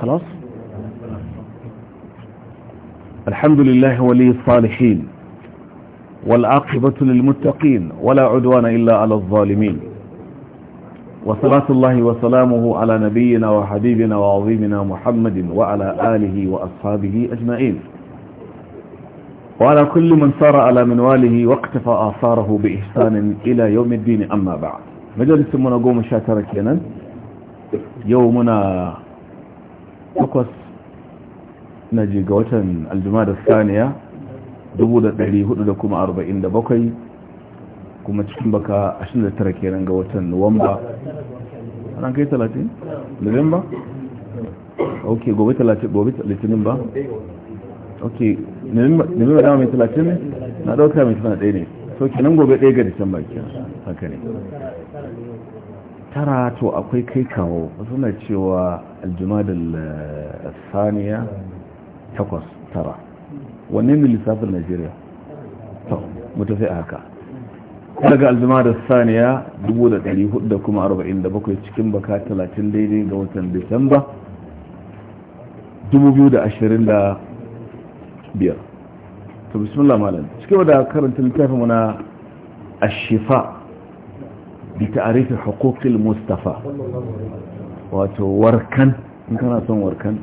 خلاص الحمد لله ولي الصالحين والعاقبة للمتقين ولا عدوان إلا على الظالمين وصلاة الله وسلامه على نبينا وحبيبنا وعظيمنا محمد وعلى آله وأصحابه أجمعين وعلى كل من سار على منواله واقتفى آثاره بإحسان إلى يوم الدين أما بعد مجلس منقوم قوم شاتركينا يومنا takwas na ji ga watan aljuma da saniya 447 kuma cikin baka 29 kenan ga watan nuwamba ran kai 30? nuwamba? ok gobe 30 gobe litinin ba? ok nuwamba dama mai 30 ne? na dauka mai 31 ne so kenan gobe 1 ga disamba kenan haka ne tara to akwai kai kawo suna cewa da saniya takwas tara wanne ne lissafin najeriya to mutu sai haka daga da saniya 447 cikin baka 30 daidai ga watan disamba 2025 to bismillah malam cikin wadda karanta littafin muna ashifa bi ta'arifi huquqil mustafa wato warkan in kana son warkan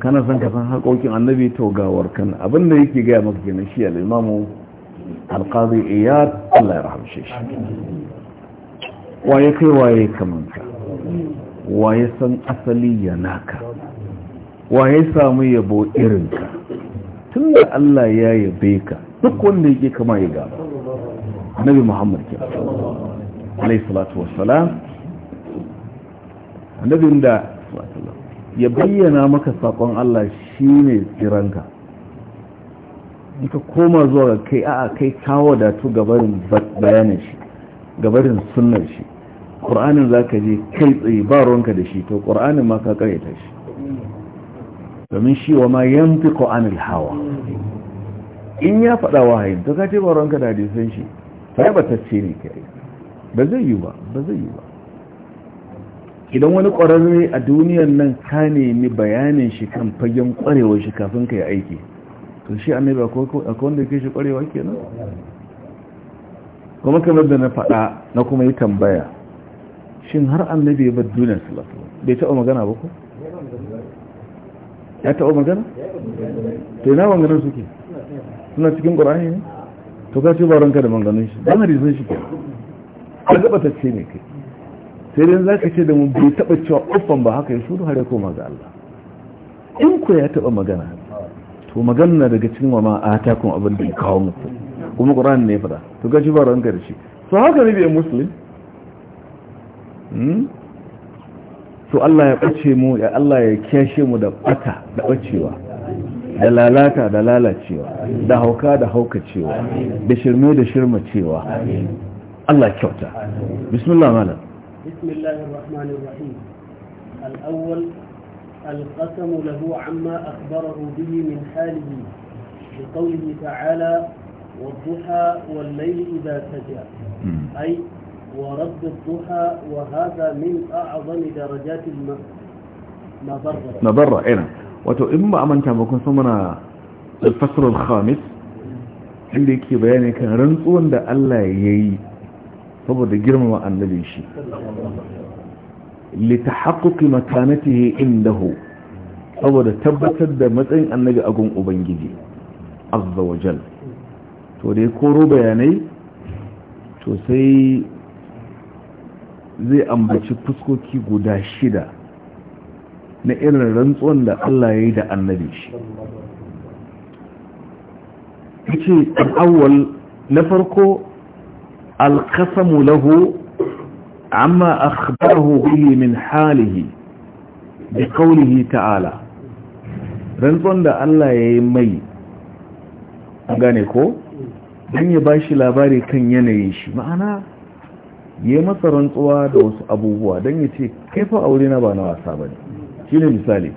kana son ka san annabi to ga warkan abin da yake gaya maka kenan shi al-imamu al-qadi iyad Allah ya rahamshe shi waye kai waye kamanka waye san asali ya naka waye samu yabo irin tun da Allah ya yabe ka duk wanda yake kama ya gaba annabi Muhammad kenan alaihi salatu wassalam annabin da ya bayyana maka sakon Allah shine tsiranka ka koma zuwa ga kai a'a kai kawo da tu gabarin bayanin shi gabarin sunnar shi ƙur'anin za ka je kai tsaye ba ruwanka da shi to ƙur'anin ma ka ƙaryata shi domin shi wa ma yan fi ƙo'anil hawa in ya faɗa wahayin to ka ce ba ruwanka da hadisan shi ta yi batacce ne kai ba zai yi ba ba zai yi ba idan wani ƙwararre a duniyar nan ka nemi bayanin shi kan fagen ƙwarewar shi kafin ka yi aiki to shi annai ba akwai wanda ke shi ƙwarewa kenan kuma kamar da na faɗa na kuma yi tambaya shin har an annabi ya bada duniyar salatu bai taɓa magana ba ku ya taɓa magana to ina maganar suke suna cikin ƙwararre ne to ka ce ba ranka da maganin shi ba na rizon shi ke ka gaba ta ce ne kai sai dai za ka ce da mu bai taba cewa uffan ba haka ya shuru har ya koma ga Allah in ku ya taba magana to magana daga cikin wa ma a takun abin da ya kawo muku kuma ƙuran ne fada to ga shi ba ran da shi so haka ne bai musulun so hmm? Allah ya ɓace mu ya Allah ya kyashe mu da ɓata da ɓacewa da lalata da lalacewa da hauka da haukacewa da shirme da shirmacewa الله يكوتا بسم الله مالا بسم الله الرحمن الرحيم الأول القسم له عما أخبره به من حاله بقوله تعالى والضحى والليل إذا سجى أي ورد الضحى وهذا من أعظم درجات المبرة مبرة إينا نعم. وتو إما أمن كان بكون ثمنا الفصل الخامس عندك كي بياني كان رنسون دا الله يي saboda girmama annabin shi litahaqqiqi makanatihi indahu saboda tabbatar da matsayin annabi a gun ubangiji azza wajal to da ya koro bayanai to sai zai ambaci fuskoki guda shida na irin rantsuwan da Allah ya yi da annabi shi ce awwal na farko Alkasamulahu له عما أخبره به من حاله بقوله تعالى rantsuwan da Allah ya yi mai gane ko don ya bashi labari kan yanayi shi ma'ana ya masa rantsuwa da wasu abubuwa don ya ce kaifa aure na ba na wasa ba ne shi ne misali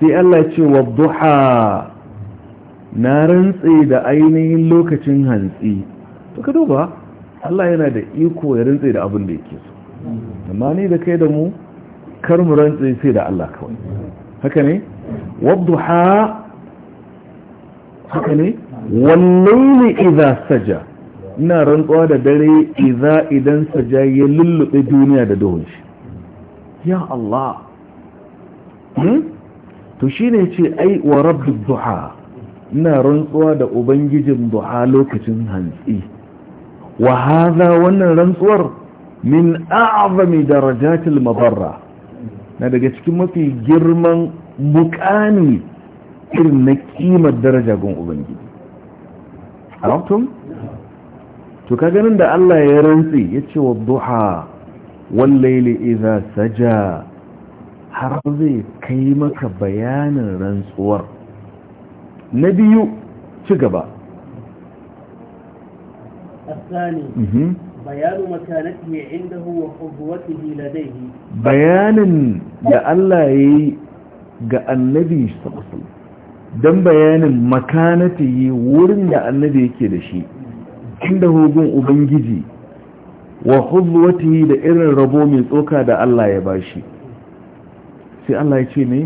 sai Allah ce wa na rantse da ainihin lokacin hantsi suka duba Allah yana da iko ya rantse da abin da yake so amma ni da kai da mu kar mu rantse sai da Allah kawai haka ne wadduha haka ne wallaili idza saja ina rantsuwa da dare idza idan saja ya lullube duniya da duhun shi ya Allah hmm? to shine ce ai wa rabbid duha ina rantsuwa da ubangijin duha lokacin hantsi wa hadha wannan rantsuwar min a'zami darajatil mabarra na daga cikin mafi girman mukami irin na kimar daraja gun ubangiji arabtum to ka ganin da Allah ya rantsi ya ce wa duha wallaili idza saja har zai kai maka bayanin rantsuwar na biyu ci gaba bayanin بيان مكانته عنده وقوته ga annabi sallallahu dan bayanin makanati wurin da annabi yake da shi inda hugun ubangiji wa khudwatihi da irin rabo mai tsoka da Allah ya bashi sai Allah ya ce ne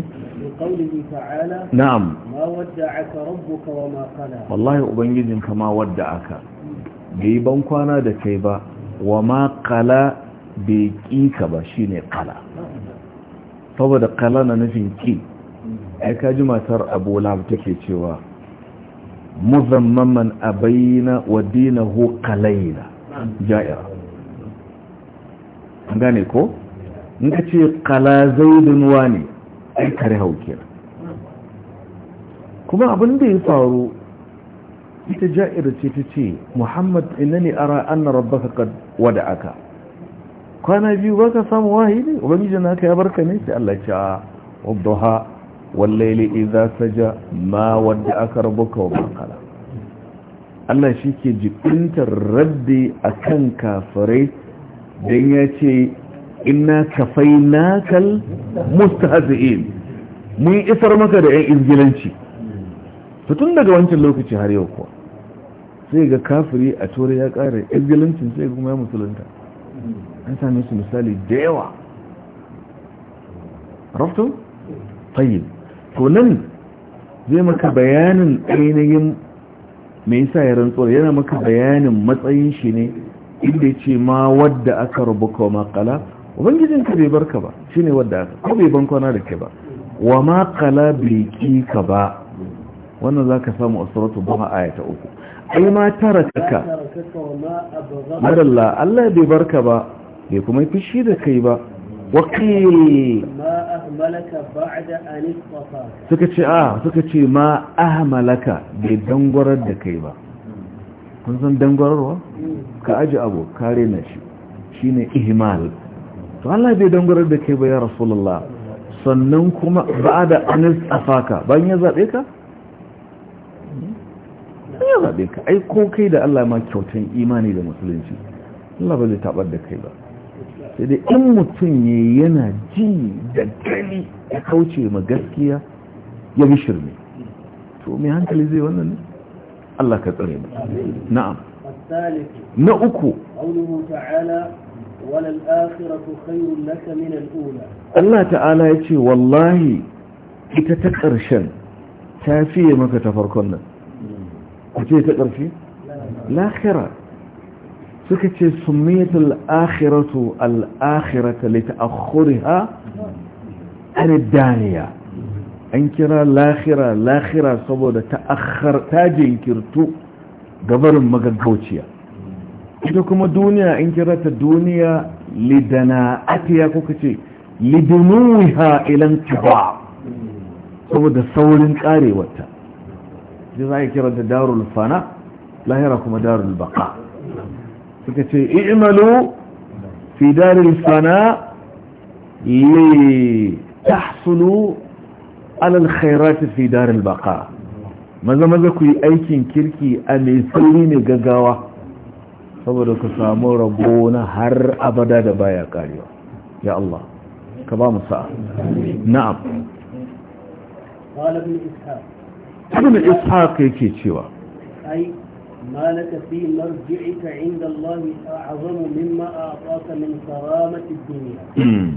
na'am ma wadda'aka rabbuka wa ma qala bai ban kwana da kai ba wa ma kala bai ka ba shi ne kala saboda kala na nufin ki ai kaji matar abu ta take cewa a abaina wa dina dinahu kalaina ja'ira gane ko in ce kala zaidun wani ai kare hauke kuma abin da ya faru ita ja'ira ce ta ce muhammad innani ara anna rabbaka wada aka kwana biyu ba ka samu wahayi ne ubangiji ka ya barka ne sai Allah ya ce wadduha wallaili ta ja ma wadda rabu ka wa ma Allah shi ke rabbi raddi akan kafirai dan ya ce ina inna kafainakal mustahzi'in mun isar maka da 'yan izgilanci tutun daga wancan lokaci har yau kuwa sai ga kafiri a turai ya ƙara izgilincin sai kuma ya musulunta an sami su misali da yawa raftun? tayyib to nan zai maka bayanin ainihin mai sa ya rantsuwa yana maka bayanin matsayin shi ne inda ce ma wadda aka rubuka wa makala ka bai barka ba shi ne wadda aka ko bai bankwana da ke ba wa makala bai ki ka ba wannan za ka samu a suratu buha aya ta uku ai ma tarakaka madalla Allah bai barka ba bai kuma fishi da kai ba waƙil suka ce a ah, suka ce ma ahmalaka bai dangwarar da kai ba kun san dangwararwa ka aji abu kare na shi shi ne ihmal to Allah bai dangwarar da kai ba ya rasulullah sannan kuma ba da anis afaka bayan ya zaɓe ka ya zaɓe ka ai ko kai da Allah ma kyautan imani da musulunci Allah ba zai taɓar da kai ba sai dai in mutum ya yana ji da gani ya kauce ma gaskiya ya bi shirme to mai hankali zai wannan ne Allah ka tsare mu na'am na uku Allah ta'ala ya ce wallahi ita ta ƙarshen ta fiye maka ta farkon nan ku ce ta ƙarfi lahira suka ce sumiyyata al’akhiratu al’akhirata akhirata ha an daniya an kira lahira lahira saboda ta'akhkhar ta jinkirtu gabarin magaggauciya ita kuma duniya an kira ta duniya lidana'atiya kuka ce lidunuha ilan kiba saboda saurin karewarta shi za a kira da darul fana lahira kuma darul baka suka ce i'malu fi darul fana li tahsulu alal khairati fi darul baka maza maza ku yi aikin kirki a mai sauri ne gaggawa saboda ku samu rabo na har abada da baya karewa ya Allah ka ba mu sa'a na'am قال ابن إسحاق ibn ishaq yake cewa ai malaka fi marji'ika inda Allah min karamati dunya hmm.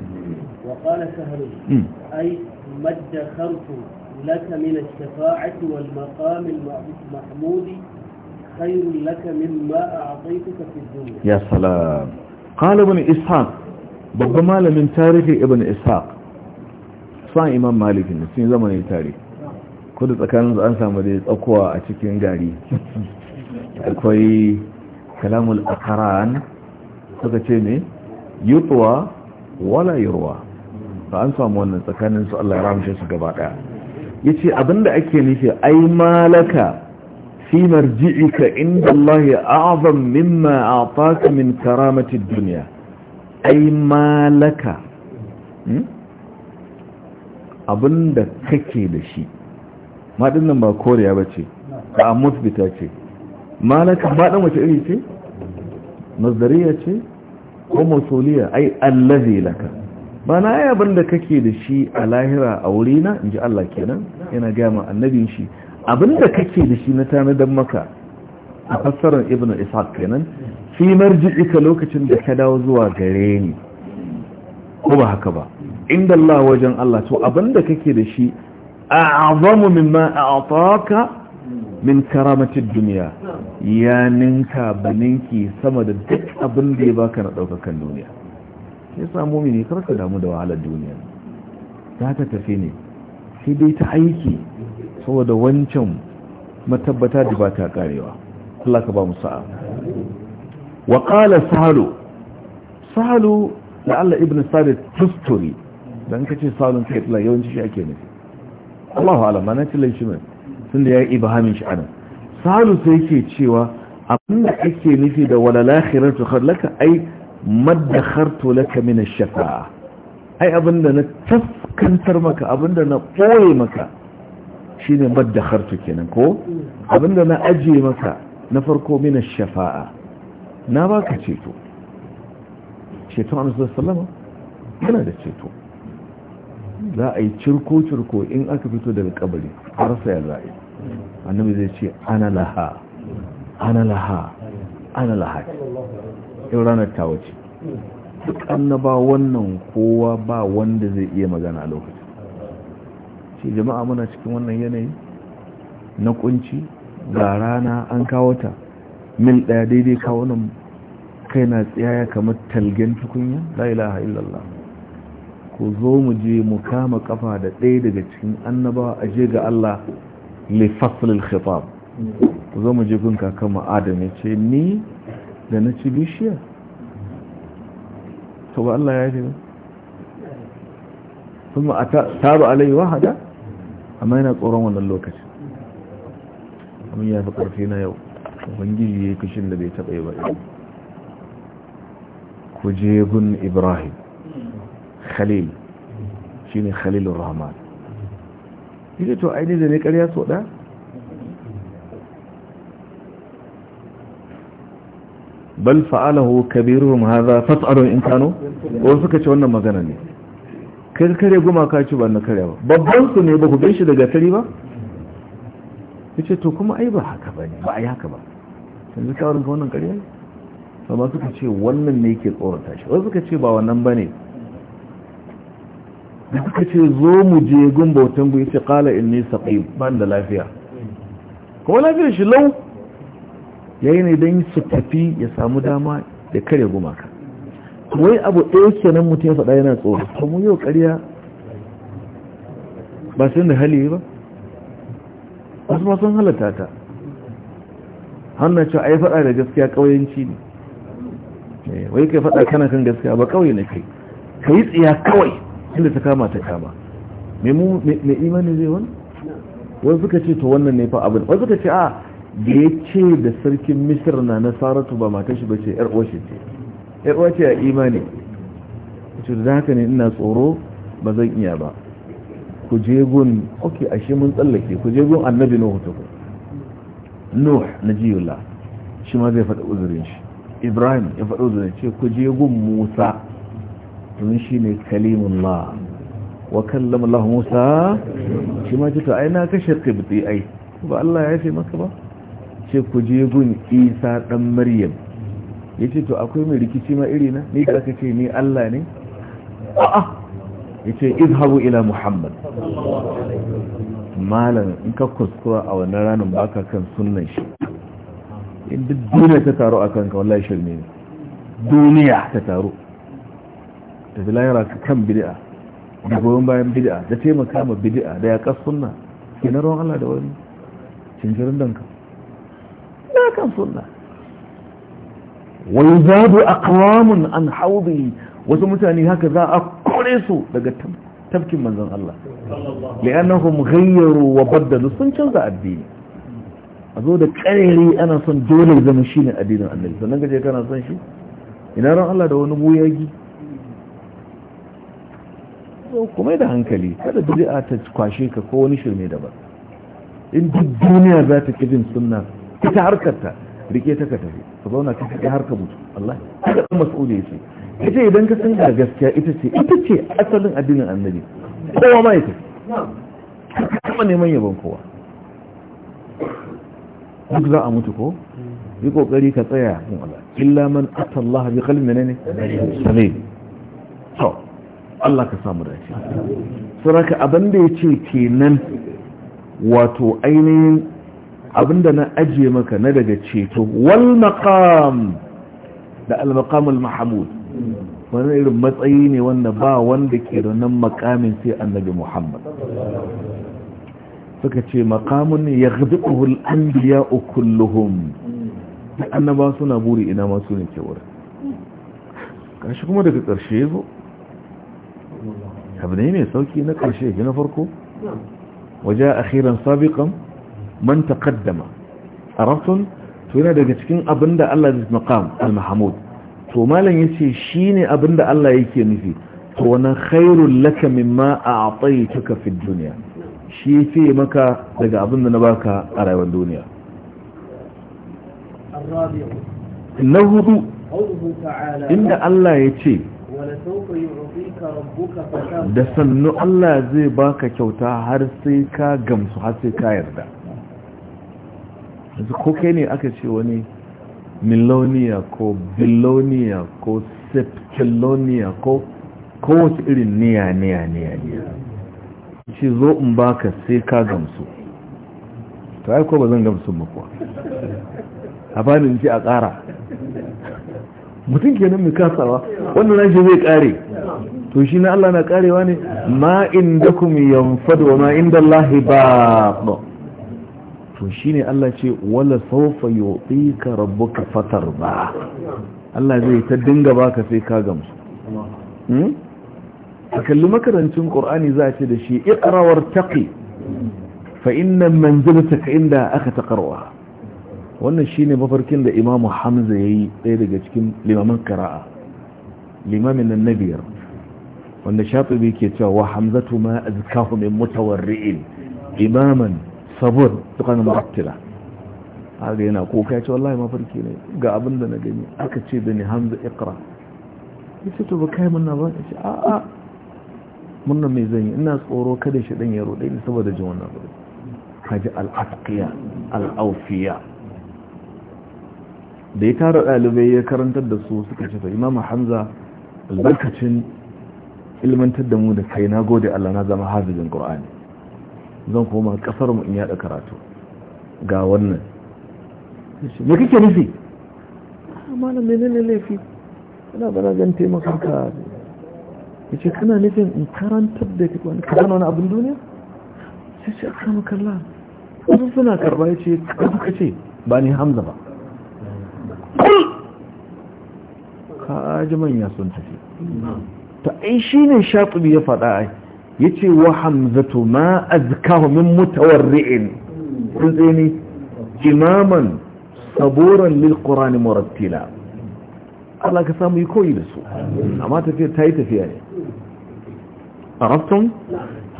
wa qala sahru hmm. ai madakhartu لك من الشفاعة والمقام المحمود خير لك مما أعطيتك في الدنيا يا سلام قال ابن إسحاق kudu tsakanin an samu da tsakowa a cikin gari akwai kalamul akaran suka ce ne yutuwa wala yurwa ba an samu wannan tsakanin su Allah ya ramshe su gaba daya yace abinda ake nufi ai malaka fi marji'ika inda Allah a'zam mimma a'taka min karamati duniya, ai malaka hmm? abinda kake da shi ma din nan ba koriya ba ce ba a musbita ce malaka ba din wace iri ce mazdariya ce ko masuliya ai allazi laka ba na yi ban da kake da shi a lahira a wurina in ji Allah kenan yana ma annabin shi abin da kake da shi na tanadan maka a fassarar ibn ishaq kenan fi marji'ika lokacin da ka dawo zuwa gare ni ko ba haka ba inda Allah wajen Allah to abinda kake da shi a'azamu mimma a'ataka min karamatin duniya ya ninka baninki sama da duk abin da ya baka na daukakan duniya ya samu mini karka damu da wahalar duniya za ta tafi ne sai dai ta aiki saboda wancan matabbata da ba ta karewa Allah ka ba mu sa'a wa qala sahalu sahalu la'alla ibn sabit tusturi dan kace salon kai yawanci shi ake nufi Allah Allah ma na tilan shi mai sun da ya yi ibahamin shi anan salu sai ke cewa abin da ake nufi da wala lahirar tukhar laka ai maddakhartu laka min shafa shafaa ai abin da na taskantar maka abin da na ɓoye maka shine maddakhartu kenan ko abin da na aje maka na farko min shafaa na baka ceto ceto a nasarar salama yana da ceto za a yi cirko-cirko in aka fito daga kabari har yi. ra'ayi annabi zai ce ana laha ana laha ana laha yau ranar ta wace duk annaba wannan kowa ba wanda zai iya magana a lokacin ce jama'a muna cikin wannan yanayi na kunci ga rana an kawo ta mil daya daidai kawo nan kai na tsaya kamar talgen tukunya la ilaha illallah ku zo mu je mu kama kafa da ɗaya daga cikin annabawa a je ga Allah li faslil khitab ku zo mu je gun kakan Adam ya ce ni da na ci bishiya to ba Allah ya ce kuma taba alai wahada amma yana tsoron wannan lokaci Mun ya fi ƙarfi na yau ubangiji ya yi kishin da bai taɓa yi ba ku je gun ibrahim khalil shine khalilur rahman yake to aini da ne ƙarya so da bal fa'alahu kabiruhum hadha fas'alu in kanu ko suka ce wannan magana ne kai kare goma ka ci ba na kare ba babban su ne ba ku shi daga tari ba yace to kuma ai ba haka bane ba ai haka ba yanzu ka wurin wannan kare ne amma suka ce wannan ne yake tsoron tashi wasu suka ce ba wannan bane da kuka ce zo mu je gun bautan gu yace qala inni saqim ban da lafiya kuma lafiyar shi lau yayi ne dan su tafi ya samu dama da kare gumaka wai abu ɗaya kenan mutum ya faɗa yana tsoro kuma yau ƙarya ba sun da hali ba wasu ma sun halatta ta hannun cewa a yi faɗa da gaskiya ƙauyenci ne eh, wai kai faɗa kana kan gaskiya ba ƙauye na kai ka yi tsiya kawai inda ta kama ta kama mai imani zai wani wani suka ce to wannan ne fa abin wani suka ce a da ya ce da sarkin misir na nasaratu ba matashi ba ce yar uwace ce yar uwace a imani ce da haka ne ina tsoro ba zan iya ba ku je gun ok ashe mun tsallake ku je gun annabi nuhu ta ku nuh jiyula shi ma zai faɗi uzurin shi ibrahim ya faɗi uzurin ce ku je gun musa domin shi ne kalimullah wa kallama Musa shi ma cika aina na kashe qibti ai ba Allah ya ce maka ba ce ku je gun Isa dan Maryam ce to akwai mai rikici ma iri na ni da aka ce ni Allah ne a'a yace izhabu ila Muhammad malam in ka kuskura a wannan ranar ba ka kan sunnan shi in duk duniya ta taru a kanka wallahi shirme ne duniya ta taru tafi lahira kan bid'a da goyon bayan bid'a da taimaka ma bid'a da ya kas sunna ke na ruwan Allah da wani cinjirin danka ya kan sunna wani zaɓi kawamun an yi wasu mutane haka za a kore su daga tafkin manzan Allah li'annahum ghayyaru wa baddalu sun canza addini a zo da karere ana son dole zama shine addinin annabi sannan gaje kana son shi ina ran Allah da wani goyagi so kuma da hankali kada bid'a ta kwashe ka ko wani shirme ba, in duk duniya za ta kijin sunna ita harkarta rike ta ka tafi ka zauna ka ta har ka mutu Allah ka ɗan mas'uliyi ce ita idan ka san da gaskiya ita ce ita ce asalin addinin annabi kowa ma ya tafi kuma neman yabon kowa duk za a mutu ko yi kokari ka tsaya in Allah illa man atta Allah bi qalbin ne ne sabai to Allah ka samu dace saraka abin da ya ce kenan wato ainihin abin na ajiye maka na daga ceto wal maqam da al maqam al mahmud wani irin matsayi ne wanda ba wanda ke da nan makamin sai annabi muhammad suka ce makamun ya gazibuhul an biya annaba suna buri ina ma ne ke wurin kashi kuma daga ƙarshe zo abu ne mai sauki na ƙarshe gina farko waje akhiran sabiqan man taqaddama arabtun to yana daga cikin abinda Allah ya maqam al-mahmud to malam yace ne abinda Allah yake nufi to wannan khairul laka mimma a'taytuka fi duniya? shi fi maka daga abinda na baka a rayuwar duniya na hudu inda Allah ya ce da sannu Allah zai baka kyauta har sai ka gamsu har sai ka yarda ko kai ne aka ce wani miloniya ko biloniya ko septiloniya ko kowace irin niya niya niya niya ce zo in baka sai ka gamsu ta aiko ba zan gamsu makuwa a bani ce a ƙara mutum kenan mai kasawa wannan nashi zai kare to shi na Allah na karewa ne ma indakum yanfad wa ma indallahi ba. to ne Allah ce wala sawfa yu'tika rabbuka ba. Allah zai ta dinga baka sai ka gamsu hmm? a kalli makarancin ƙor'ani za a ce da shi ikrawar taƙi fa inna manzilta inda aka taƙarwa wannan shine mafarkin da imamu hamza ya yi ɗaya daga cikin limamin kara'a limamin nan na biyar wanda shafi ke cewa wa hamzatu ma azkahu min mutawarri'in imaman sabur dukkan murattila haka yana kuka ya ce wallahi mafarki ne ga abin da na gani aka ce da ni hamza ikra ya ce to ba kai munna ba ta ce a'a munna mai zanyi ina tsoro kada shi dan ya roɗe ni saboda jin wannan haji al-atqiya al-awfiya da ya tara ɗalibai ya karantar da su suka ce ta imama hamza albarkacin ilmantar da mu da kai na gode Allah na zama hafizin ƙur'ani zan koma ƙasar mu in yaɗa karatu ga wannan me kake nufi ah, malam menene laifi ina bana zan taimaka ka ya ce kana nufin in karantar da ka wani kaɗan wani abin duniya sai ce a kama kalla wasu suna karɓa ya ce ka ce ba ni hamza ba kul kaji manya sun tafi ta ai shi ne shafi ya faɗa ai ya ce wa hamzatu ma azkahu min mutawarri'in kun ne imaman saboran lil qur'ani murattila Allah ka samu yi koyi da su amma tafiya ta yi tafiya ne a to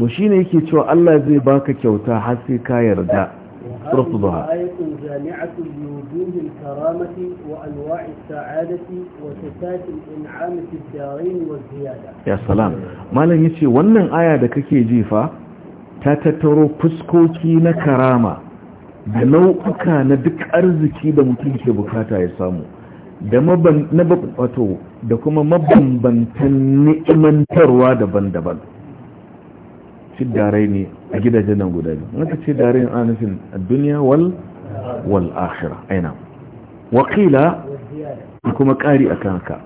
shi ne yake cewa Allah zai baka kyauta har sai ka yarda رفضها آية جامعة لوجوه الكرامة وأنواع السعادة وصفات الإنعام في الدارين والزيادة يا سلام ما لن يشي ونن آية دككي جيفا تتترو فسكوكي نكرامة da nau'uka na duk arziki da mutum ke bukata ya samu da wato da kuma mabambantan ni'imantarwa daban-daban fi darai ne a gidajen nan guda biyu naka ce darai ne duniya wal wal akhira aina wakila kuma ƙari a kan haka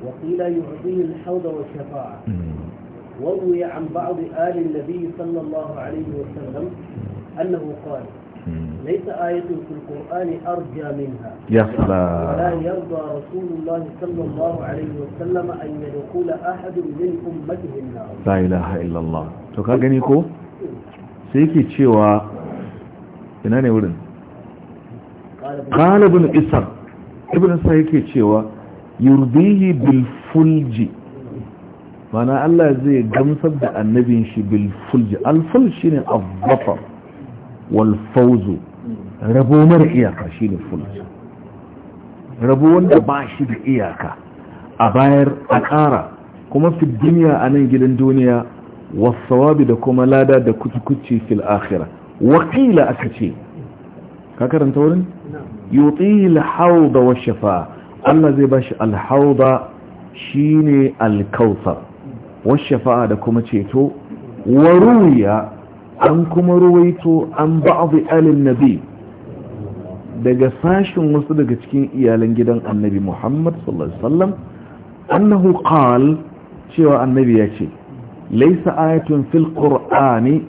وقيل يعطيه الحوض والشفاعة وروي عن بعض آل النبي صلى الله عليه وسلم أنه قال ليس آية في القرآن أرجى منها يا سلام ولا يرضى رسول الله صلى ina ne wurin ƙalibin isar ibn sa yake cewa yurdihi bilfulji mana allah zai gamsar da annabin shi bilfulji alfulji ne a zafar walfauzu rabo mara iyaka shi ne rabo wanda ba shi da iyaka a bayar a ƙara kuma fi duniya a nan gidan duniya wasawabi da kuma lada da kuci-kuci fil akhira wakila aka ce ka karanta wurin yutil hauda wa shafa Allah zai bashi alhauda shine alkausar. wa shafa'a da kuma ceto wa ruya an kuma ruwaito an ba'd alin nabi daga sashin wasu daga cikin iyalan gidan annabi muhammad sallallahu alaihi annahu qal cewa annabi ya ce laisa ayatun fil qur'ani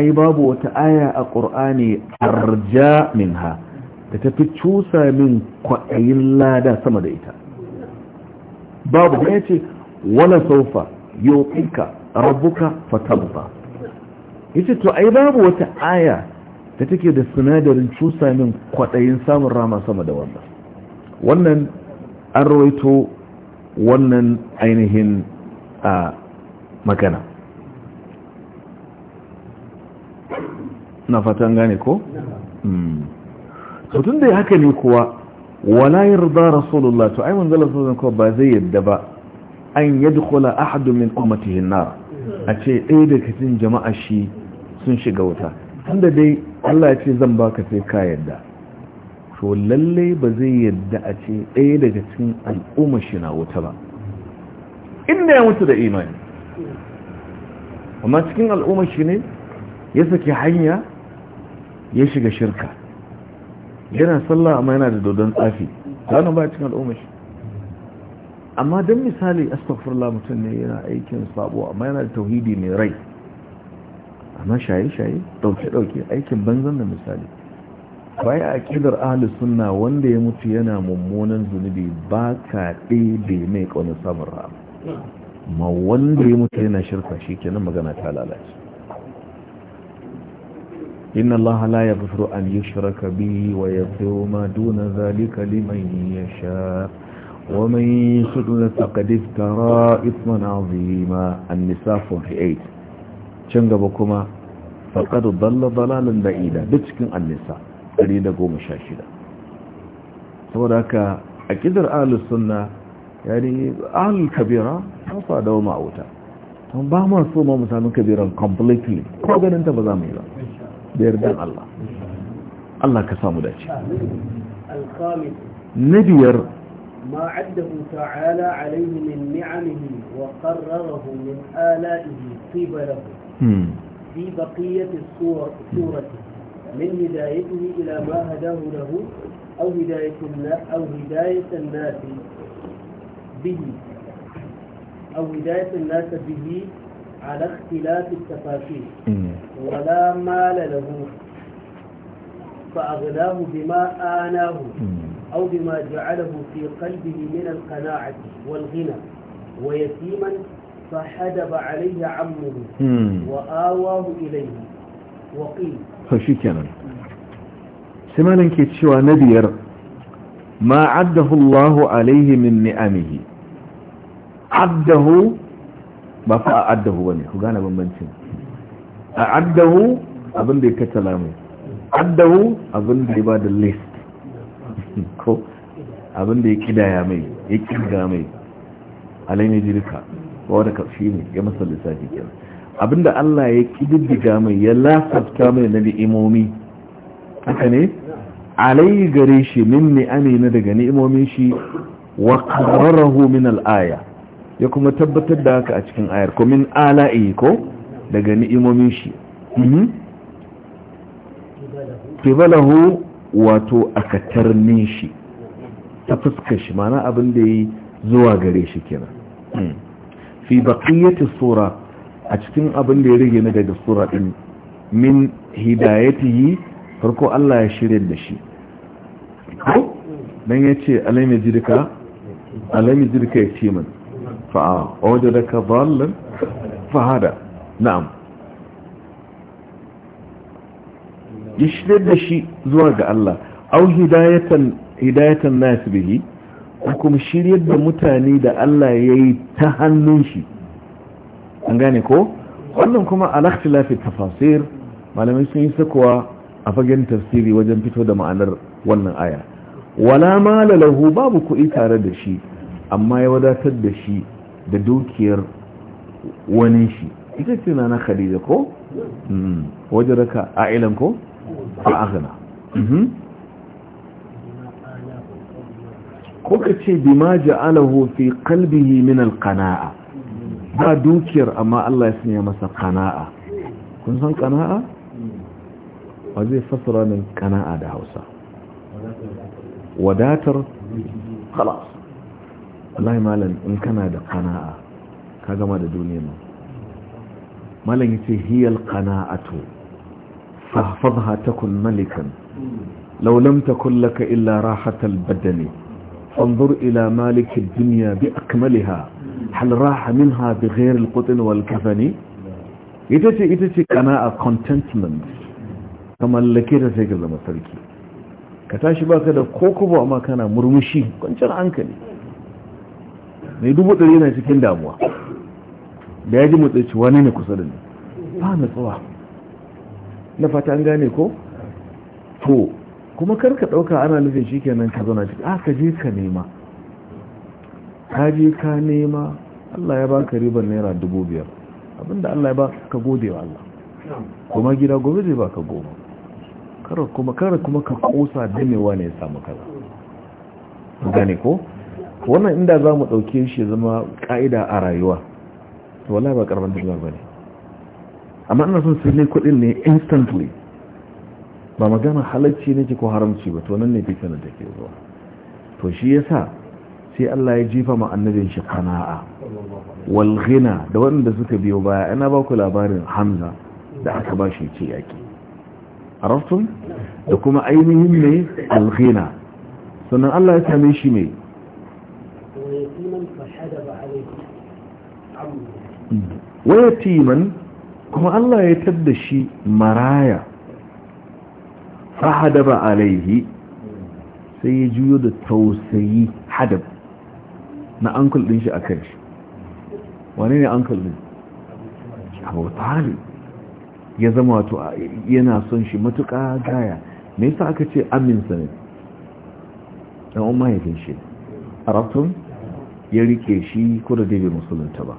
ai babu wata aya a qur'ani arja minha da tafi cusa min kwaɗayin lada sama da ita babu ya ce wala saufa yau ɗinka rabuka fatabba ya ce to ai babu wata aya da take da sinadarin cusa min kwaɗayin samun rama sama da wannan wannan an rawaito wannan ainihin a magana na fatan gane ko? sautun hmm. da haka ne kuwa wala yarda rasulullah to ai manzala sallallahu alaihi ba zai yadda ba an kula ahadu min ummatihi nar a ce ɗaya da kacin jama'a shi sun shiga wuta tunda dai Allah ya ce zan baka sai ka yadda to lalle ba zai yadda a ce ɗaya daga cikin al'umma shi na wuta ba inda ya mutu da imani amma cikin al'umma shi ne ya saki hanya ya shiga shirka yana sallah amma yana da dodon tsafi ta ba cikin al'umma shi amma don misali astaghfirullah mutum ne yana aikin sabo amma yana da tauhidi mai rai amma shaye-shaye ɗauke-ɗauke aikin banzan da misali baya a ƙidar ahli sunna wanda ya mutu yana mummunan zunubi ba ka ɗebe mai ƙaunar samun ra'am ma wanda ya mutu yana shirka shi kenan magana ta lalace inna Allah la yaghfiru an yushraka bihi wa yaghfiru ma duna zalika liman su ومن يشرك tara افترى اثما عظيما النساء 48 can gaba kuma faƙar dalla dalalin da'ida duk cikin annisa 116 saboda haka a ƙidar ahalus suna ya ne ahalul kabira an fadawa ma'auta don ba ma so ma musamman kabiran completely ko ganin ta ba za mu yi ba da yardan Allah Allah ka samu dace na biyar ما عده تعالى عليه من نعمه وقرره من آلائه قبله في بقية السورة سورة من هدايته إلى ما هداه له أو هداية الناس أو هداية الناس به أو هداية الناس به على اختلاف التفاسير ولا مال له فأغناه بما آناه أو بما جعله في قلبه من القناعة والغنى ويتيما فحدب عليه عمه وآواه إليه na biyar. Ma سمالا كيتشوى نبير ما عده الله عليه من نعمه عده ba fa a addahu bane ku gane bambancin a addahu abin da ya kattala mai addahu abin da ya ba da list ko abin da ya kidaya mai ya kirga mai alaini jirka ba wani shi ne ya masa lissafi kenan abinda Allah ya kididdiga mai ya lasafta mai na ni'imomi haka ne alai gare shi min ni'ami na daga ni'imomin shi wa qarrarahu min al ya kuma tabbatar da haka a cikin ayar ko min ala'i ko daga ni'imomin shi mhm. kibalahu wato akatarnin shi ta fuskar shi mana abin da yi zuwa gare shi kenan hmm. fi baqiyati sura a cikin abin da ya rage na daga sura din min hidayatihi farko Allah ya shirya da shi ko dan yace alaimi jirka alaimi jirka ya ce min fa awjadaka dhallan fahada na'am ya shirya da shi zuwa ga Allah au hidayatan hidayatan nas bihi ko kuma shiryar da mutane da Allah ya yi ta hannun shi an gane ko wannan kuma lafi tafasir malamai sun yi sakowa a fagen tafsiri wajen fito da ma'anar wannan aya wala ma lalahu babu kuɗi tare da shi amma ya wadatar da shi da dukiyar wani shi ita ce na khadija ko hmm. wajen raka a ko fa'azana hmm. ko ka ce bi ma ja'alahu fi qalbihi min al-qana'a ba dukiyar amma Allah ya sanya masa qana'a kun san qana'a wa zai fasara min qana'a da Hausa wadatar khalas wallahi malam in kana da qana'a ka gama da duniyar nan malam yace hiyal qana'atu fahfadha takun malikan law lam takun laka illa rahatal badani فانظر إلى مالك الدنيا بأكملها هل راح منها بغير القطن والكفن يتشي يتشي كناء contentment كما اللكي سيكل لما تركي كتاشي باك هذا كوكب وما كان مرمشي كنت عنكني يدوبو نيدو cikin damuwa da yaji mutsaci wani ne kusa da ni ba na tsawa na kuma karka ɗauka ana nufin shi kenan ka zauna ciki a ah, ka je ka nema ka je ka nema Allah ya baka ribar naira dubu biyar abinda Allah ya ba ka gode wa Allah kuma gida gobe zai baka goma kara kuma kara kuma ka kosa damewa ne ya samu kaza gane ko wannan inda za mu ɗauke shi zama ƙa'ida a rayuwa to wallahi ba karban dubu ba ne amma ina son sai ne kuɗin ne instantly ba magana halacci ne ko haramci ba to nan ne fitina take zuwa to shi yasa sai Allah ya jifa ma annabin shi kana'a wal ghina da wanda suka biyo baya ana ba ku labarin Hamza da aka ba shi ce yaki araftum da kuma ainihin ne al ghina sannan Allah ya same shi mai wayatiman kuma Allah ya tadda shi maraya fahadaba alaihi sai ya juyo da tausayi hadab na ankul din shi a kai shi wane ne ankul din abu ya zama wato yana son shi matuƙa gaya me yasa aka ce aminsa ne dan umma ya kai shi arabtun ya rike shi ko da dai musulunta ba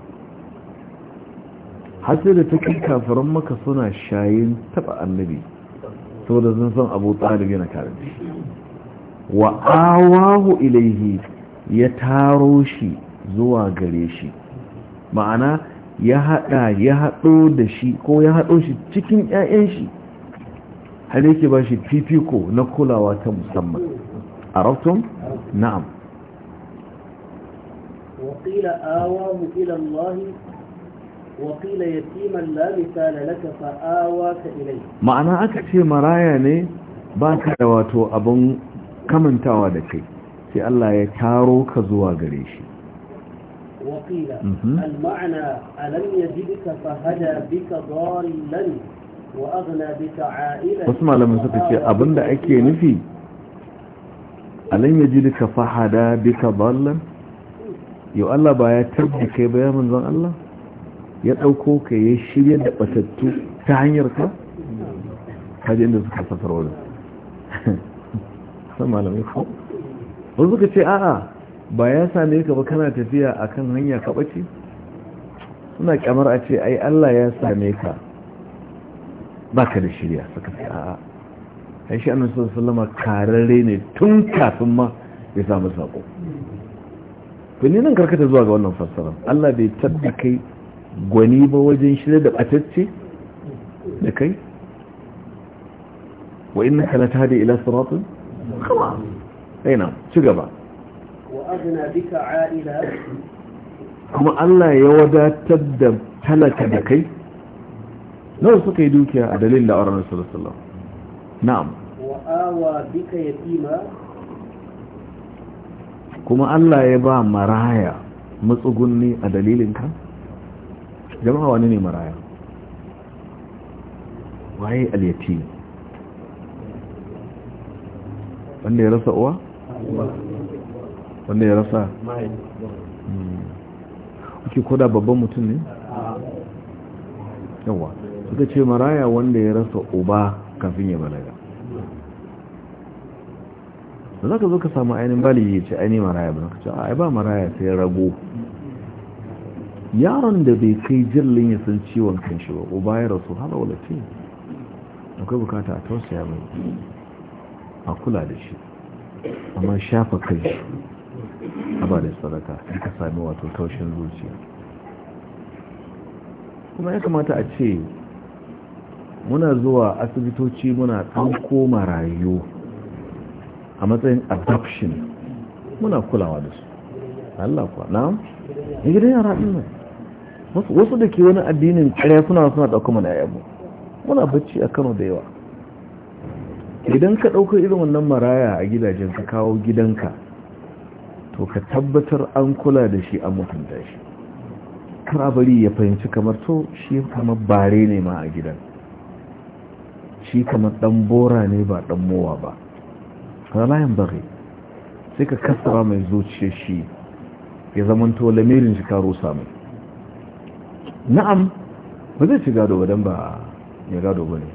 har da take kafiran maka suna shayin taba annabi saboda sun san abu talib yana tare da shi wa awahu ilaihi ya taro shi zuwa gare shi ma'ana ya haɗa ya hado da shi ko ya hado shi cikin 'ya'yan shi har yake ba shi fifiko na kulawa ta musamman a na'am ya وقيل يتيما لا مثال لك فآواك Ma'ana aka ce maraya ne ba ka da wato abin kamantawa da kai sai Allah ya taro ka zuwa gare shi waqila al-ma'na alam yajidka fahada bika dallan wa aghna bika a'ilan wasu malamin suka ce abinda ake nufi alam yajidka fahada bika dallan yau Allah ba ya tabbace kai ba ya manzon Allah ya ɗauko ka ya shirya da batattu ta hanyar ka kajin da suka safar wani san malamai ko wasu suka ce a'a ba ya same ka ba kana tafiya a kan hanya ka ɓace suna kyamar a ce ai allah ya same ka ba ka da shirya suka ce a'a ya shi annan sun sallama kararre ne tun kafin ma ya samu saƙo. Tuni nan karkata zuwa ga wannan fassara Allah bai tabbakai kai gwani ba wajen shirya da batacce da kai wa ina ka lata da ila siratun kama aina ci gaba kuma Allah ya wadatar da talaka da kai nawa suka yi dukiya a dalilin da auren da sallallahu na'am wa awa bika yatima kuma Allah ya ba maraya matsugunni a dalilin kan jama'a wani ne maraya waye alyati wanda ya rasa uwa wanda ya rasa hmm. kuke koda babban mutum ne yawa suka ce maraya wanda ya rasa uba kafin ya balaga da za ka zo ka samu ainihin bali ya ce ainihin maraya ba ka ce a ba maraya sai rago yaron da bai kai jirlin ya san ciwon kan shi ba uba ya rasu hana walatin akwai bukata a tausaya mai a kula da shi amma shafa kai shi a ba da sadaka in ka sami wato taushin zuciya kuma ya kamata a ce muna zuwa asibitoci muna koma rayu. a matsayin adoption muna kulawa da su Allah kuwa na gidan yara ɗin mai wasu da ke wani addinin kare suna suna ɗauka mana yayanmu muna bacci a kano da yawa idan ka ɗauka irin wannan maraya a gidajen ka kawo gidanka to ka tabbatar an kula da shi an mutunta shi kara bari ya fahimci kamar to shi kamar bare ne ma a gidan shi kamar ɗan bora ne ba ɗan mowa ba ralayan bari, sai ka kasara mai zuciya shi ya zamanto lamirin shi karo samun na'am ba zai ci gado ba dan ba ya gado ba ne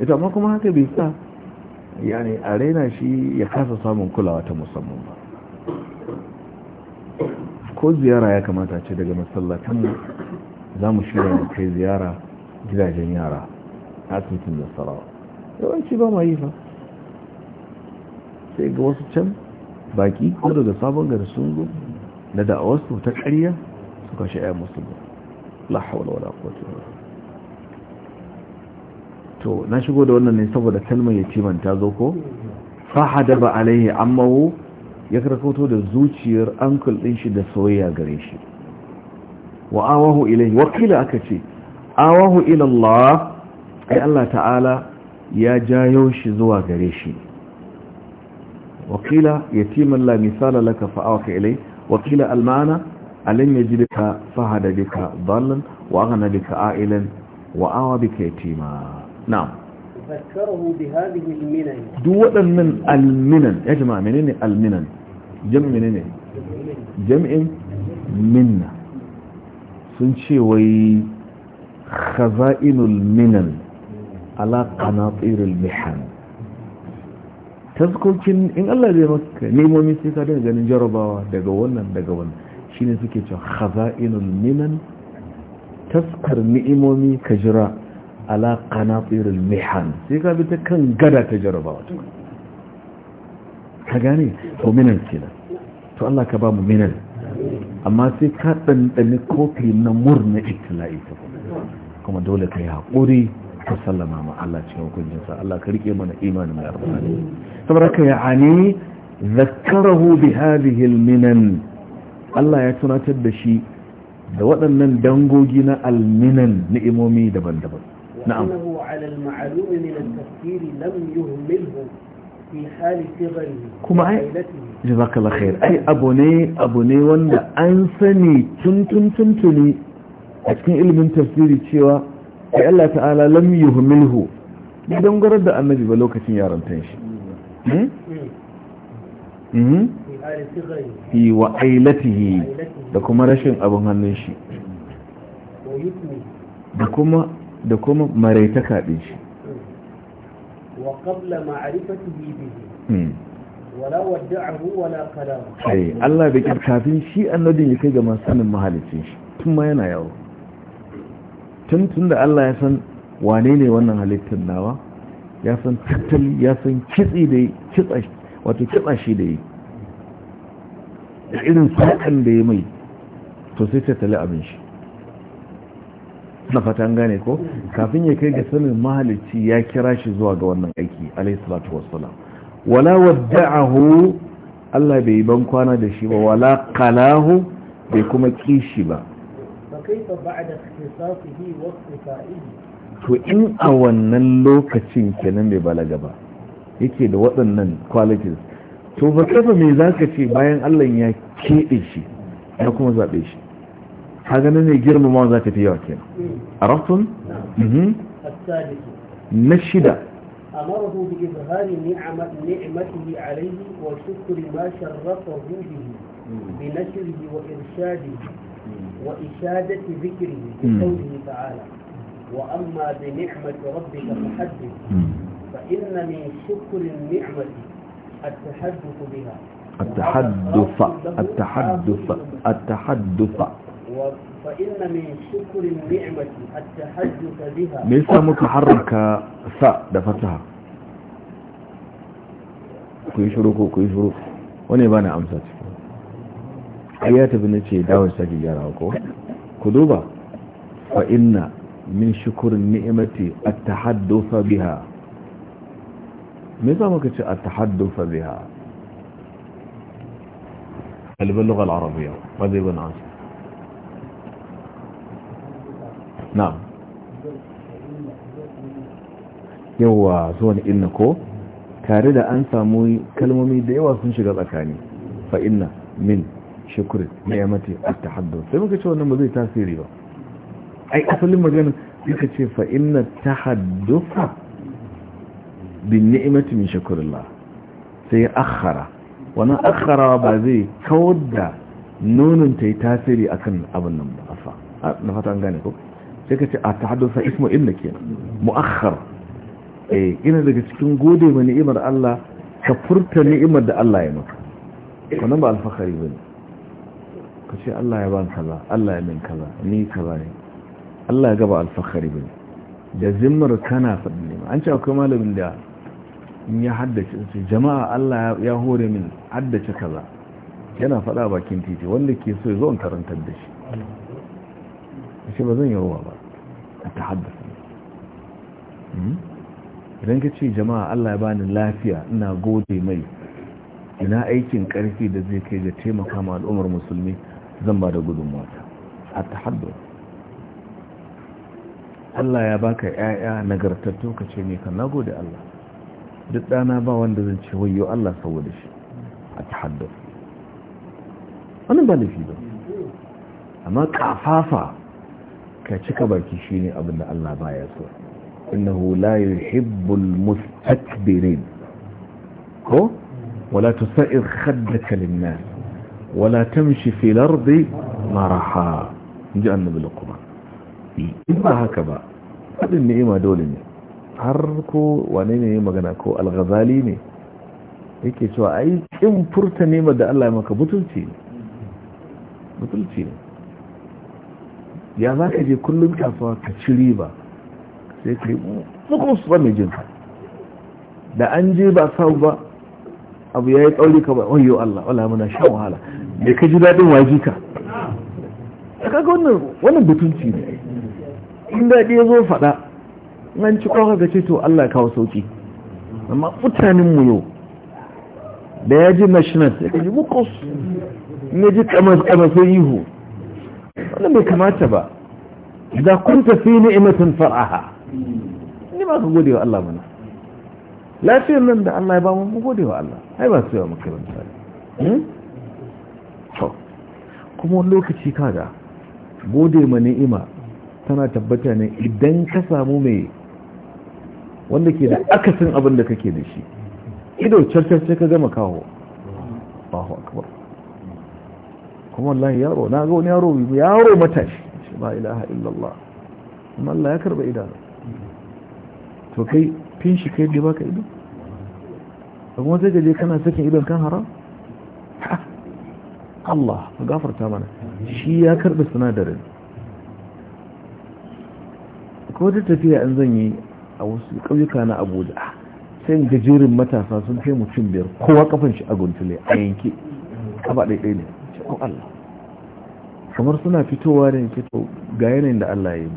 ita ma kuma haka bai sa yani a raina shi ya kasa samun kulawa ta musamman ba ko ziyara ya kamata ce daga masallacin za mu shirya kai ziyara gidajen yara asibitin da sarawa yawanci ba ma yi fa sai ga wasu can baki ko daga sabon gari na zo da da'awarsu ta ƙarya suka sha'ya musulmi la wala quwwata to na shigo da wannan ne saboda kalmar ya yatiman ta zo ko fa hadaba alaihi ammahu ya karkato da zuciyar ankul din shi da soyayya gare shi wa awahu ilaihi wakila aka ce awahu ila Allah ai Allah ta'ala ya jayo shi zuwa gare shi wakila yatiman la misala laka fa awaka ilaihi wakila almana ya ji alam faha da bika dhallan wa aghna bika a'ilan wa awa bika ya tima na. Duk waɗannan alminan, ya المنن يا جماعه alminan, المنن جمع minna sun ce wai khaza'inul minan ala qanatirul mihan tazkokin in Allah zai maka nemomi sai ka dinga ganin jarabawa daga wannan daga wannan shine suke cewa khaza'inul minan taskar ni'imomi ka jira ala qanatirul mihan sai ka bi ta kan gada ta jarabawa ka gane to minan kenan to Allah ka ba mu minan amma sai ka ɗanɗani kofi na murna itila'i ta kuma dole ka yi haƙuri ka sallama ma Allah cikin hukuncinsa Allah ka riƙe mana imanin mai arfani saboda ka yi ani zakkarahu bi hadhihi minan Allah ya tunatar da shi da waɗannan dangogi na alminan ni'imomi daban-daban na'am kuma ai jazakallahu khair ai abu ne abu ne wanda an sani tun tun tuni a cikin ilimin tafsiri cewa ai Allah ta'ala lam yuhmilhu don gwarar da annabi ba lokacin yarantan shi hmm? Hmm. Hmm? fi wa ailatihi da kuma rashin abin hannun shi da kuma da kuma maraitaka din shi wa qabla ma'rifatihi bihi hmm. wala wadda'ahu wala kalama ai Allah bai kafin shi annabin ya kai ga sanin mahalicin shi tun ma yana yawo tun tun da Allah ya san wane ne wannan halittar nawa ya san tattali ya san kitsi da kitsa wato kitsa shi da yi da irin sukan da ya mai to sai ta tali abin shi na fatan gane ko kafin ya kai ga sanin mahalicci ya kira shi zuwa ga wannan aiki alaihi salatu wassalam wala wadda'ahu Allah bai ban kwana da shi ba wala qalahu bai kuma kishi ba to in a wannan lokacin kenan bai balaga ba yake da waɗannan qualities to ba kafa mai za ka bayan allah ya keɗe shi ya kuma zaɓe shi ka gani ne girmama za ka fi yawa ke a rafton? Mhm. na shida وأما بنعمة ربك فحدث فإن من شكر النعمة التحدث بها التحدث التحدث التحدث فإن من شكر النعمة التحدث بها ليس متحرك ف دفتها كوي شروك كوي شروك وني بانا na amsa ciki ai na ce dawon sake gyara ko ku duba fa inna min shukurin ni'imati at-tahaddufa biha مثل ما كنت التحدث بها اللي باللغة العربية ماذا يقول عنها نعم؟, نعم يوا زون إنكو كاردة أنسى موي كلمة ميدة واسنش قد أكاني فإن من شكر نعمة التحدث سيما كنت شو نمضي تأثيري أي أصل لما جانا فإن التحدث bin ni'imati min shakurillah sai akhara wannan akhara ba zai kawar da nonon ta yi tasiri akan abin nan ba afa na fata an gane ko sai ka ce a tahaddusa ismu inna ke muakhar eh ina daga cikin gode ma ni'imar Allah ka furta ni'imar da Allah ya maka wannan ba alfakari bane ka ce Allah ya ban kaza Allah ya min kaza ni kaza ne Allah ya gaba alfakari bane da zimmar kana fadin ne an ce akwai malamin da in ya haddace ce jama'a Allah ya hore min haddace kaza yana faɗa bakin titi wanda ke so ya zo karantar da shi ce ba zan yi ba a ta haddasa hmm? idan ka ce jama'a Allah ya bani lafiya ina gode mai ina aikin karfi da zai kai ga taimaka ma al'ummar musulmi zan ba da gudunmuwa a ta haddasa Allah ya baka ‘ya'ya nagartattu ka ce ne ka nagode Allah duk ɗana ba wanda zan ce wayo Allah saboda shi a tahaddar wannan ba laifi ba amma kafafa ka cika baki shine abin da Allah baya so innahu la yuhibbul mustakbirin ko wala tusair khaddaka lin-nas wala tamshi fil ardi maraha inji annabi lukuma in ba haka ba fadin ni'ima dole ne har ko wane ne magana ko alghazali ne yake cewa ai kin furta nema da Allah ya maka butulci ne butulci ne ya za ka je kullum kasuwa ka ci riba sai ka yi mukun su mai jinka da an je ba sau ba abu ya yi tsauri ka ba wayo Allah wala muna sha wahala Me ka ji daɗin waji ka kaga wannan wannan butulci ne in daɗi ya zo faɗa nan ci kawai ga ce to Allah kawo sauki amma mutanenmu yau da ya ji mashinan ya kaji bukos ne ji kamasin ihu wani bai kamata ba da kun tafi ni'imatin far'aha ni ma ka gode wa Allah mana lafiyar nan da Allah ya ba mu gode wa Allah ai ba su yawa makaranta ne hmm? kuma lokaci kaga gode ma ni'ima tana tabbata ne idan ka samu mai wanda ke da akasin abin da kake da shi ido carcarce ka gama kawo bahu akbar kuma wallahi yaro na ga wani yaro yaro matashi shi ba ilaha illallah kuma Allah ya karba idanu to kai fin shi kai da baka ido kuma sai gaje kana sakin idon kan haram Allah ka gafarta mana shi ya karba sinadarin ko ta tafiya an zan yi a wasu ƙauyuka na abuja sai ga jerin matasa sun kai mutum biyar kowa kafin shi a guntule a yanke ba ɗaiɗai ne cikin allah kamar suna fitowa da yanke to ga yanayin da allah ya yi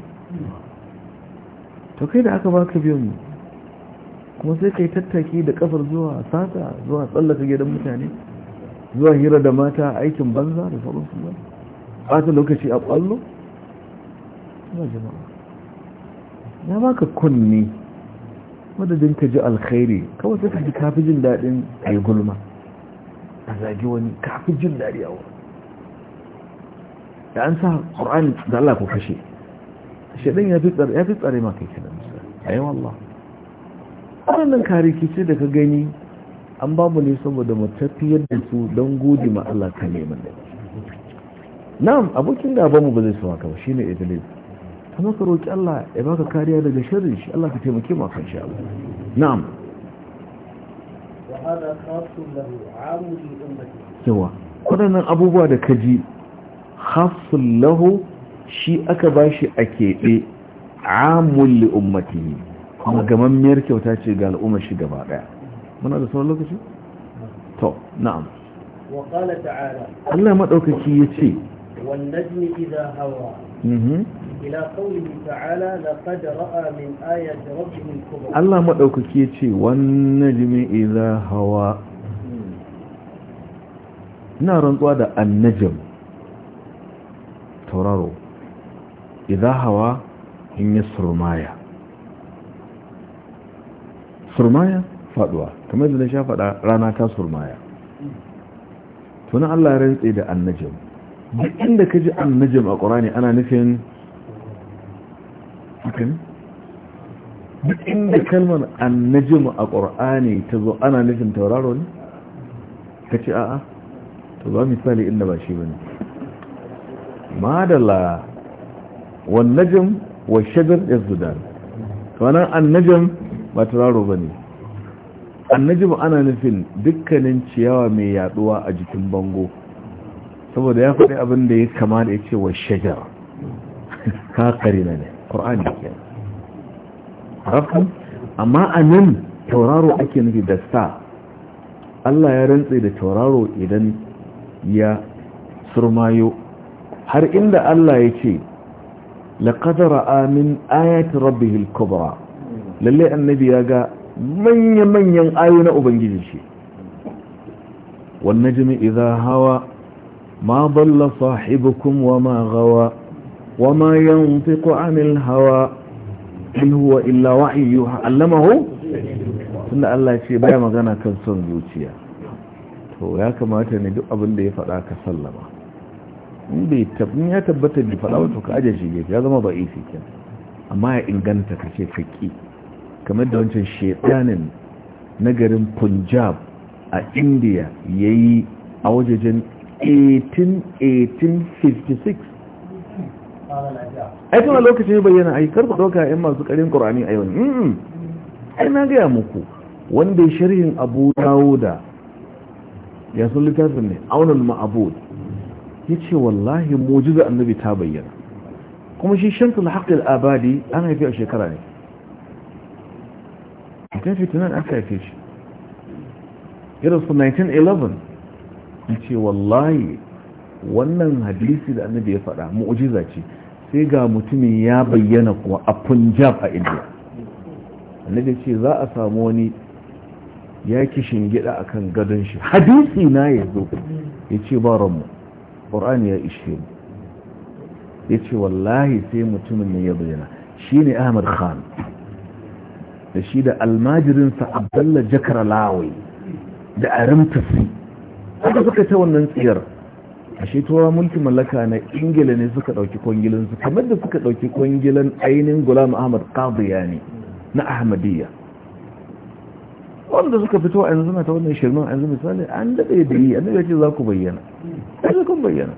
to kai da aka baka biyan mu kuma sai kai tattaki da kafar zuwa sata zuwa tsallaka gidan mutane zuwa hira da mata aikin banza da sauransu ba ta lokaci a ƙwallo ba jama'a ya baka kunni madadin ka ji alkhairi kawai sai ka ji kafi jin daɗin a gulma a zagi wani kafi jin daɗi a wani da an sa ƙorani da Allah ko kashe shaɗin ya fi tsare maka yake da musa a yi wallah waɗannan karikici da ka gani an ba mu ne saboda mu tafiyar da su don gudi ma Allah ka neman da na abokin gaba mu ba zai su haka shi shine iblis kuma ka roƙi Allah ya baka kariya daga sharrin shi Allah ka taimake mu kan shi Allah na'am yawa waɗannan abubuwa da kaji khassun lahu shi aka bashi a keɓe amul li ummatihi kuma gamammiyar kyauta ce ga al'ummar shi gaba daya muna da sauran lokaci to na'am wa qala ta'ala Allah madaukaki yace wan najmi mhm. idha hawa ila qawlihi ta'ala laqad ra'a min ayati rabbihi al-kubra Allah ce, yace wannajmi idha hawa ina rantsuwa da annajm tauraro idha hawa in yasrumaya surmaya faduwa kamar da na sha fada rana ta surmaya tunan allah ya rantsi da annajm duk inda ka ji annajm a ƙorani ana nufin hankali duk inda kalmar annajim a ƙor'ani ta zo ana nufin tauraro ne ka ce a'a to ba misali inda ba shi ba ne madala wannajim wa shagar ya zudan wannan annajim ba tauraro ba ne annajim ana nufin dukkanin ciyawa mai yaduwa a jikin bango saboda ya faɗi abin da ya kama da ya ce wa shagar ka na ne alkur'ani kenan amma a nan tauraro ake nufi da sa Allah ya rantse da tauraro idan ya surmayo har inda Allah ya ce laƙadara amin ayatun rabbihil lallai lalle annabi ya ga manya-manyan ayo na ubangiji shi wannan jimi idan hawa ma balla sahibukum wa ma gawa وما ينطق عن الهوى إن هو إلا وحي علمه tunda Allah ce baya magana kan son zuciya to ya kamata ne duk abin da ya faɗa ka sallama in bai tabbin ya tabbata bai faɗa wato ka aje shi ya zama ba isi amma ya inganta ka ce faki kamar da wancan shedanin na garin punjab a india yayi a wajejen 1856 ai tuna lokacin bayyana ai karku ɗauka yan masu ƙarin qur'ani a yau ai na gaya muku wanda sharhin abu dauda ya sun littafin ne aunan ma'abud ya ce wallahi mujiza annabi ta bayyana kuma shi shamsul haƙƙil abadi an haifi a shekara ne a kan fitinan aka shi irin su 1911 yace ce wallahi wannan hadisi da annabi ya faɗa mu'ujiza ce sai ga mutumin ya bayyana kuwa a punjab a india annabi ce za a samu wani ya kishin gida a kan gadon shi hadisi na ya zo ya ce ba ranmu ƙoran ya ishe mu ya ce wallahi sai mutumin ne ya bayyana shi ne ahmad khan da shi da almajirinsa abdallah jakar lawai da arimtasi aka suka ta wannan tsiyar ashe turawa mulkin mallaka na ingila ne suka dauki kwangilan su kamar da suka dauki kwangilan ainihin gulam ahmad qadiya ne na ahmadiyya wanda suka fito a yanzu na ta wannan shirman yanzu misali an daɗe da yi annabi ya ce za ku bayyana yanzu kun bayyana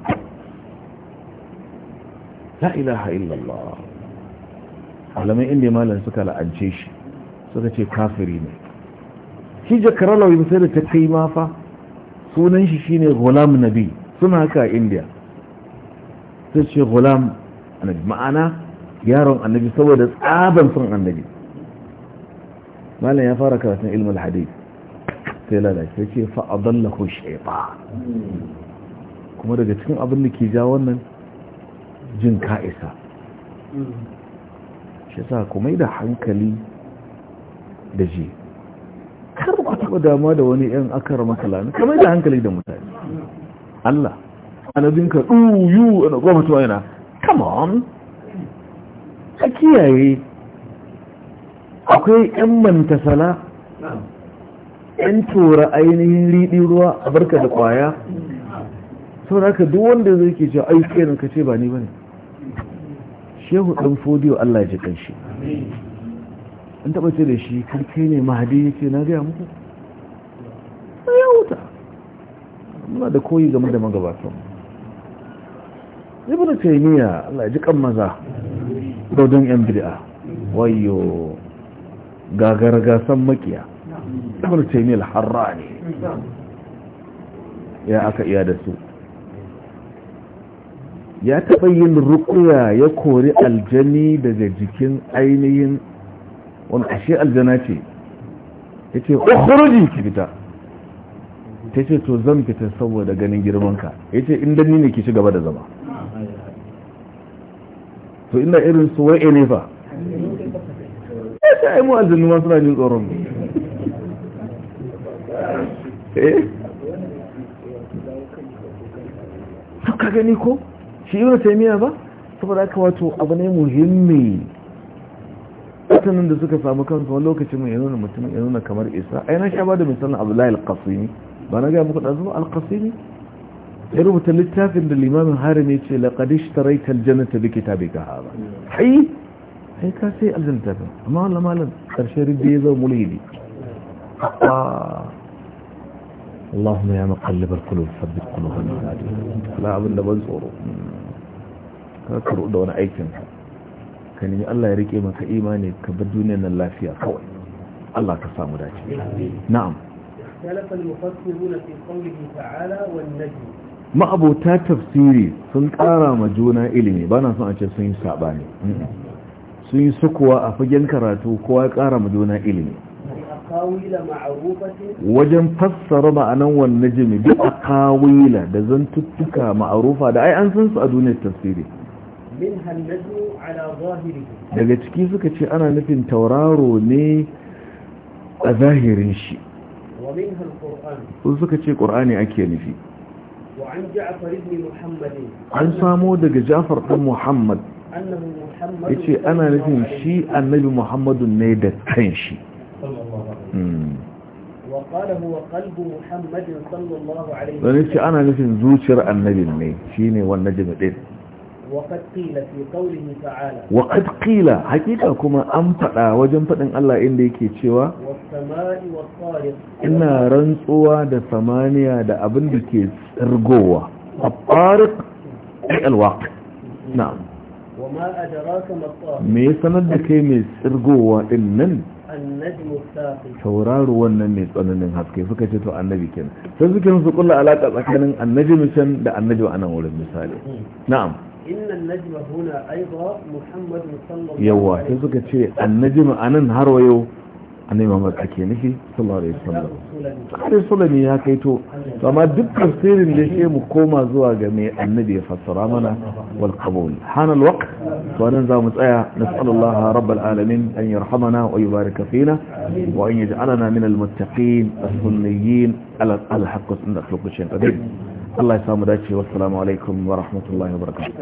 la ilaha illallah alamai inda malam suka la'ance shi suka ce kafiri ne shi jakarar lauyin sai da ta kai ma fa sunan shi shine gulam nabi suna haka a indiya sai ce gulam annabi ma'ana yaron annabi saboda tsaban son annabi malam ya fara karatun ilmul hadith sai lalace ce ce fa'adallahu shaifa kuma daga cikin abin da ke ja wannan jin ka'isa shi sa kuma da hankali da ji kar ba taɓa damuwa da wani yan akar makalani kamar da hankali da mutane Allah jinka ɗuyu na goma tuwa yana come on a kiyaye akwai 'yan mantasala ƴan tura ainihin riɗi ruwa a barka da ƙwaya sau da duk wanda zai ke cewa ai kenan ka ce ba ni ba ne shehu ɗan fodiyo Allah ya ji ƙanshi an taɓa ce da shi kai ne mahadi ya ce na gaya muku muna da koyi game da magabatan ibn taymiya Allah ya ji kan maza dodon yan bid'a wayo gagar gasan makiya ibn taymiya al-harrani ya aka iya da su ya taɓa yin rukuya ya kori aljani daga jikin ainihin wani ashe aljana ce ya ce kibita ki ta ce to zan fita saboda ganin girmanka ya ce inda ni ne ki ci gaba da zama to inda irin su wai ne fa ya ce ai mu aljannu ma suna jin tsoron eh ka gani ko shi yi ibn taimiyar ba saboda aka wato abu ne muhimmi mutanen da suka samu kansu wani lokacin mai yanuna mutum ya nuna kamar isa ai na sha ba da misalin abu la'il qasimi ba na gaya muku ɗazu alƙasiri ya rubuta littafin da limamin ya ce laƙadish ta rai ta bi bai ka haɓa hai hai ka sai aljantafin amma wallah malam ƙarshe ribbi ya zama mulhidi اللهم يا مقلب القلوب ثبت قلوبنا على دينك لا abin da ban tsoro ka karo da wani aikin ka ka nemi Allah ya rike maka imani ka bar duniyar nan lafiya kawai Allah ka samu dace na'am Ma'abota tafsiri sun ƙara ma juna ilimi. Ba na son a ce sun yi سنعجب سنين sun yi sukuwa a fagen karatu kowa ya ƙara ma juna ilimi wajen fassara ma'anan wannan jimi duk a kawila da zantuttuka ma'arufa da ai an san su a duniyar tafsiri daga ciki suka ce ana nufin tauraro ne a zahirin shi su suka ce ƙur'ani ake nufi an samo daga jafar ɗan muhammad ya ce ana nufin shi annabi muhammadun ne da kan shi hmm. wani ce ana nufin zuciyar annabin ne shi ne wannan jami'in wa kad kuma an faɗa wajen faɗin Allah inda yake cewa ina rantsuwa da samaniya da abin da ke rigowa afarq alwaq na'am wa ma ajraka sanar da kai me tsirgowa din nan annabi wannan ne tsananin haske suka ce to annabi kenan sai suke su kullu alaka tsakanin annabi mun da annabi wa ana wurin misali إن النجم هنا أيضا محمد صلى الله عليه وسلم يوا يزوك تشي النجم أنا نهار ويو أنا محمد أكينيكي صلى الله عليه وسلم أخري سلمي يا كيتو فما دبت سير لشي مكوما زوا جميع النبي فسر منا والقبول حان الوقت وننزع متأيا نسأل الله رب العالمين أن يرحمنا ويبارك فينا وأن يجعلنا من المتقين السنيين على الحق سنة أخلق الشيء قدير الله يسامو داشي والسلام عليكم ورحمة الله وبركاته